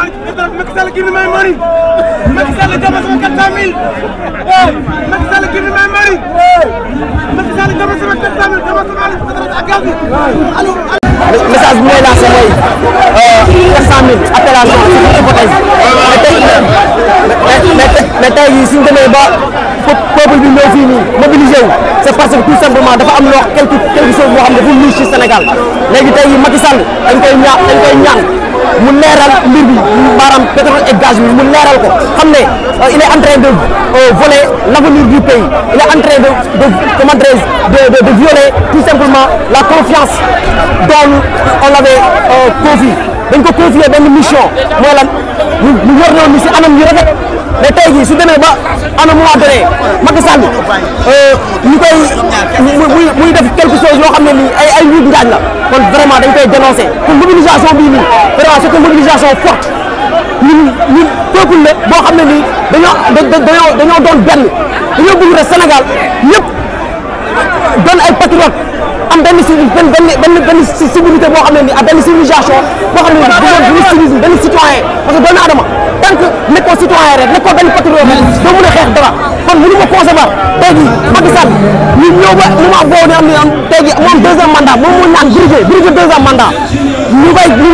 Macky Sall give me my money. Macky Sall jox ma sama 400000. waaw Macky Sall give me my money. Macky Sall jox ma sama 400000 jox ma sama xaalis pétrole ak gaz bi. message bi may lancé mooy 400000 euh, appellation c'est une hypothèse mais tey jii suñ demee ba peuple bi ñëw fii nii mobilisé wu c'est parce que tout simplement dafa am loo quelque quelque chose boo xam ne dafa luus ci Sénégal léegi tey Macky Sall dañ koy ñaan dañ koy ñaan. mu leeral mbir bi maanaam pétrole et gaz bi mu leeral ko xam ne euh, il est en train de euh, voler l'avenir du pays il est en train de de comment dirais-je de de violer tout simplement la confiance dont on l'avait euh, confié dañ ko confié benn mission mooy lan ñu ñu yor si anam yu rafet mais tey jii su demee ba à un moment donné Macky Sall ñu koy. muy muy def quelque chose loo xam ne nii ay ay wut la kon vraiment dañ koy dénoncer kon mobilisation bii nii vraiment c'est mobilisation forte ñun ñun peuple boo xam ne nii dañoo dañoo dañoo doon benn dañoo bëgg rek Sénégal ñëpp doon ay patriote am benn si benn benn benn civilité boo xam ne nii ak benn civilisation boo xam ne nii dañoo civilisme benn citoyen parce que doomu aadama ba tey jii Macky Sall ñu ñëw ba ne am na tey jii moom deuxième mandat moom mu naan brigué brigué deuxième mandat ñu wax ne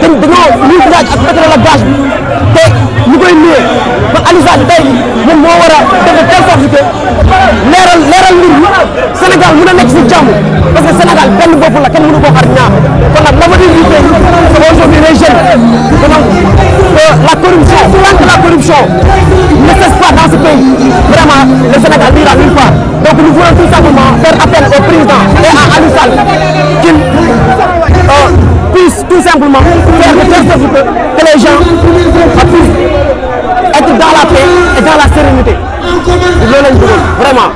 dañ dañoo luy gaz ak pétrole ak gaz bi te ñu koy nuyee kon Aliou Sall tey jii moo war a def de telle leeral leeral mi Sénégal mën a nekk si jàmm parce que Sénégal benn bopp la kenn mënu koo xar ñaar kon nag l'avenir du euh, la corruption contre ne cesse pas dans pays vraiment le Sénégal n'ira nulle part. Donc nous voulons tout simplement faire appel au président et à Aliou Sall qu'il euh, puisse tout simplement faire de telle sorte que, que les gens puissent être dans la paix et dans la sérénité. loolu lañ bëgg vraiment.